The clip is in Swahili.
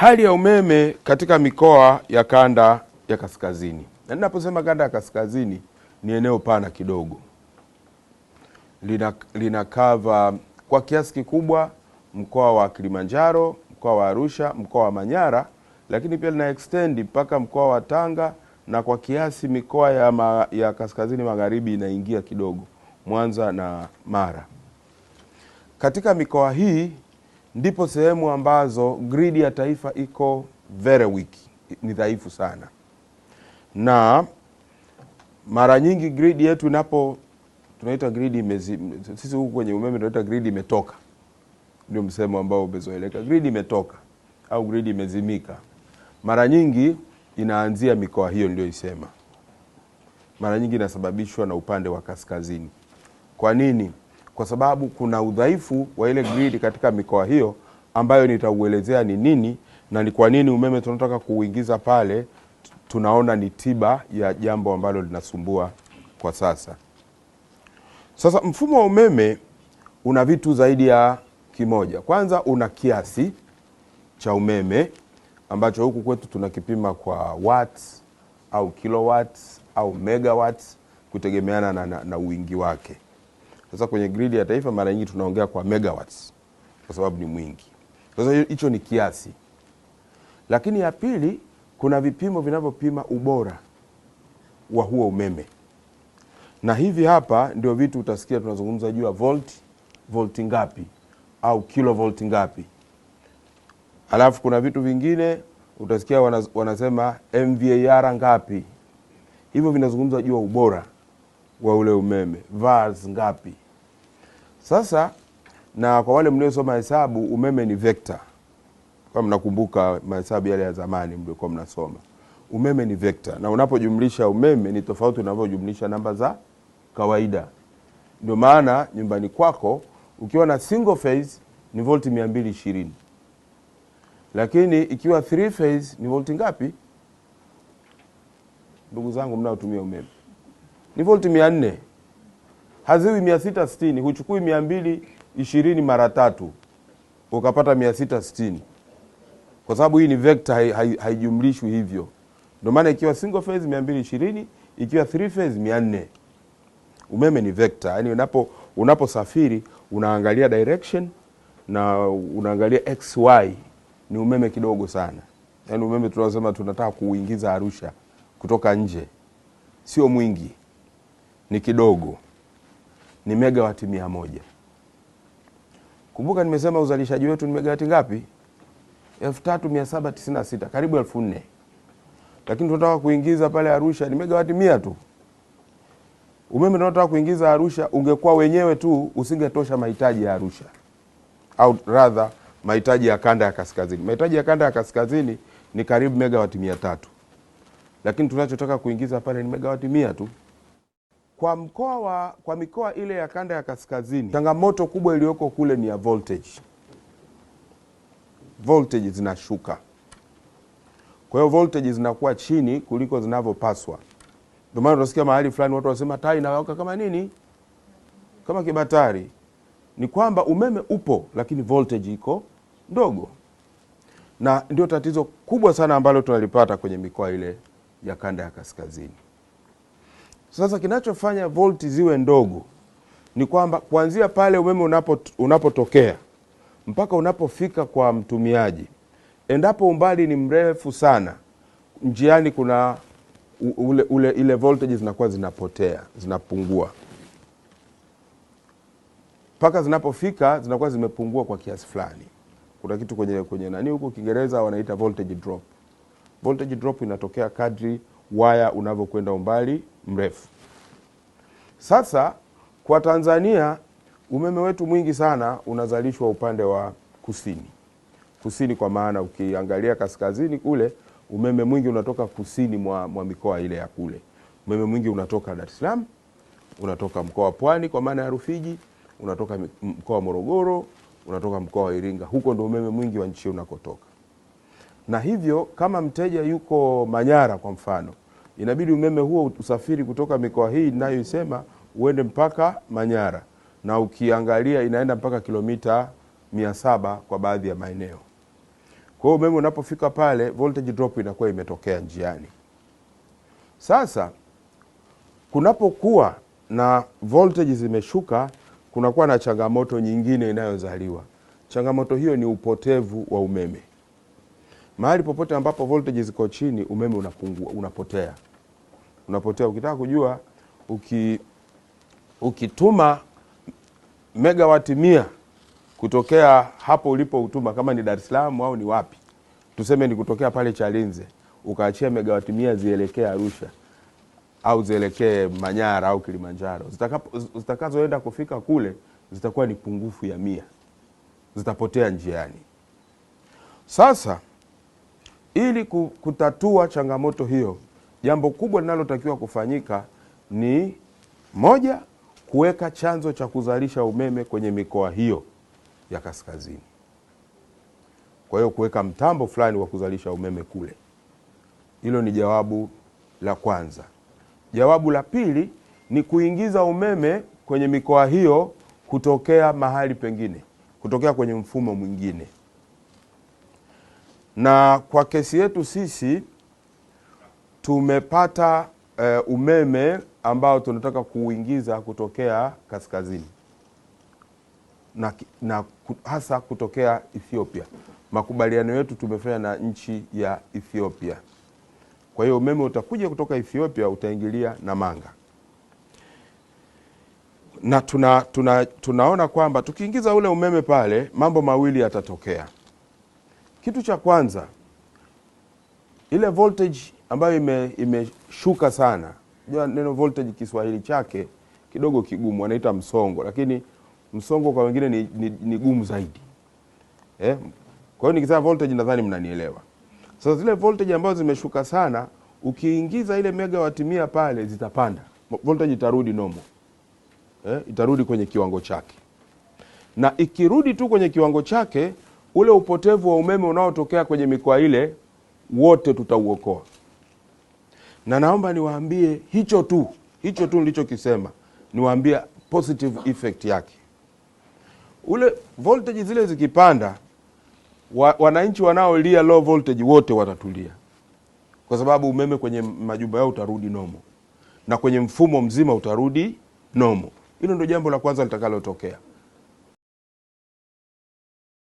hali ya umeme katika mikoa ya kanda ya kaskazini, na ninaposema kanda ya kaskazini ni eneo pana kidogo, lina, lina kava kwa kiasi kikubwa mkoa wa Kilimanjaro, mkoa wa Arusha, mkoa wa Manyara, lakini pia lina extend mpaka mkoa wa Tanga na kwa kiasi mikoa ya, ma, ya kaskazini magharibi inaingia kidogo Mwanza na Mara. Katika mikoa hii ndipo sehemu ambazo gridi ya taifa iko very weak, ni dhaifu sana, na mara nyingi gridi yetu inapo tunaita gridi imezi, sisi huku kwenye umeme tunaita gridi imetoka, ndio msemo ambao umezoeleka. Gridi imetoka au gridi imezimika, mara nyingi inaanzia mikoa hiyo niliyoisema, mara nyingi inasababishwa na upande wa kaskazini. Kwa nini? kwa sababu kuna udhaifu wa ile gridi katika mikoa hiyo ambayo nitauelezea ni nini na ni kwa nini umeme tunataka kuuingiza pale, tunaona ni tiba ya jambo ambalo linasumbua kwa sasa. Sasa mfumo wa umeme una vitu zaidi ya kimoja. Kwanza una kiasi cha umeme ambacho huku kwetu tunakipima kwa watts au kilowatts au megawatts kutegemeana na, na, na wingi wake. Sasa kwenye gridi ya taifa mara nyingi tunaongea kwa megawatts kwa sababu ni mwingi. Sasa hicho ni kiasi, lakini ya pili, kuna vipimo vinavyopima ubora wa huo umeme, na hivi hapa ndio vitu utasikia tunazungumza juu ya volt, volti ngapi au kilovolt ngapi. Alafu kuna vitu vingine utasikia wanasema MVAR ngapi, hivyo vinazungumza juu ya ubora wa ule umeme, vars ngapi sasa na kwa wale mliosoma hesabu, umeme ni vekta, kama mnakumbuka mahesabu yale ya zamani mliokuwa mnasoma. Umeme ni vekta, na unapojumlisha umeme ni tofauti unavyojumlisha namba za kawaida. Ndio maana nyumbani kwako ukiwa na single phase ni volti 220 lakini ikiwa three phase ni volti ngapi? Ndugu zangu mnaotumia umeme ni volti nne haziwi mia sita sitini, huchukui mia mbili ishirini mara tatu ukapata mia sita sitini kwa sababu hii ni vector haijumlishwi hai, hai hivyo. Ndio maana ikiwa single phase 220 ikiwa three phase 400. Umeme ni vector, yani unapo unaposafiri unaangalia direction na unaangalia xy. Ni umeme kidogo sana, yani umeme tunasema tunataka kuuingiza Arusha kutoka nje, sio mwingi, ni kidogo ni megawati mia moja. Kumbuka nimesema uzalishaji wetu ni megawati ngapi? 3796 karibu 4000, lakini tunataka kuingiza pale Arusha ni megawati mia tu. Umeme tunataka kuingiza Arusha ungekuwa wenyewe tu usingetosha mahitaji ya Arusha, au rather mahitaji ya kanda ya kaskazini. Mahitaji ya kanda ya kaskazini ni karibu megawati mia tatu, lakini tunachotaka kuingiza pale ni megawati mia tu. Kwa mkoa wa, kwa mikoa ile ya kanda ya kaskazini changamoto kubwa iliyoko kule ni ya voltage. Voltage zinashuka, kwa hiyo voltage zinakuwa chini kuliko zinavyopaswa. Ndio maana tunasikia mahali fulani watu wanasema taa inawaka kama nini, kama kibatari. Ni kwamba umeme upo, lakini voltage iko ndogo, na ndio tatizo kubwa sana ambalo tunalipata kwenye mikoa ile ya kanda ya kaskazini. Sasa kinachofanya volti ziwe ndogo ni kwamba kuanzia pale umeme unapotokea unapotokea mpaka unapofika kwa mtumiaji, endapo umbali ni mrefu sana njiani, kuna ule, ule, ile voltage zinakuwa zinapotea zinapungua mpaka zinapofika zinakuwa zimepungua kwa kiasi fulani. Kuna kitu kwenye, kwenye nani huko Kiingereza wanaita voltage drop. Voltage drop inatokea kadri waya unavyokwenda umbali mrefu. Sasa kwa Tanzania umeme wetu mwingi sana unazalishwa upande wa kusini, kusini kwa maana ukiangalia kaskazini kule umeme mwingi unatoka kusini mwa, mwa mikoa ile ya kule. Umeme mwingi unatoka Dar es Salaam, unatoka mkoa wa Pwani kwa maana ya Rufiji, unatoka mkoa wa Morogoro, unatoka mkoa wa Iringa. Huko ndo umeme mwingi wa nchi unakotoka, na hivyo kama mteja yuko Manyara kwa mfano, inabidi umeme huo usafiri kutoka mikoa hii ninayoisema uende mpaka Manyara, na ukiangalia inaenda mpaka kilomita mia saba kwa baadhi ya maeneo. Kwa hiyo umeme unapofika pale, voltage drop inakuwa imetokea njiani. Sasa kunapokuwa na voltage zimeshuka, kunakuwa na changamoto nyingine inayozaliwa. Changamoto hiyo ni upotevu wa umeme. Mahali popote ambapo voltage ziko chini, umeme unapungua, unapotea unapotea. Ukitaka kujua uki, ukituma megawati mia kutokea hapo ulipo utuma, kama ni Dar es Salaam au ni wapi, tuseme ni kutokea pale Chalinze, ukaachia megawati mia zielekee Arusha au zielekee Manyara au Kilimanjaro, zitakazoenda kufika kule zitakuwa ni pungufu ya mia, zitapotea njiani. Sasa ili kutatua changamoto hiyo jambo kubwa linalotakiwa kufanyika ni moja, kuweka chanzo cha kuzalisha umeme kwenye mikoa hiyo ya kaskazini. Kwa hiyo kuweka mtambo fulani wa kuzalisha umeme kule. Hilo ni jawabu la kwanza. Jawabu la pili ni kuingiza umeme kwenye mikoa hiyo kutokea mahali pengine, kutokea kwenye mfumo mwingine. Na kwa kesi yetu sisi tumepata uh, umeme ambao tunataka kuuingiza kutokea kaskazini na, na hasa kutokea Ethiopia. Makubaliano yetu tumefanya na nchi ya Ethiopia. Kwa hiyo umeme utakuja kutoka Ethiopia utaingilia Namanga na tuna, tuna, tunaona kwamba tukiingiza ule umeme pale mambo mawili yatatokea. Kitu cha kwanza ile voltage ambayo imeshuka ime sana. Unajua neno voltage Kiswahili chake kidogo kigumu, anaita msongo, lakini msongo kwa wengine ni, ni, ni gumu zaidi eh? Kwa hiyo nikisema voltage nadhani mnanielewa. Sasa so, zile voltage ambazo zimeshuka sana, ukiingiza ile megawati mia pale zitapanda, voltage itarudi nomo eh? Itarudi kwenye kiwango chake, na ikirudi tu kwenye kiwango chake, ule upotevu wa umeme unaotokea kwenye mikoa ile wote tutauokoa na naomba niwaambie hicho tu hicho tu nilichokisema, niwaambie positive effect yake. Ule voltage zile zikipanda, wa, wananchi wanaolia low voltage wote watatulia, kwa sababu umeme kwenye majumba yao utarudi nomo na kwenye mfumo mzima utarudi nomo. Hilo ndio jambo la kwanza litakalotokea.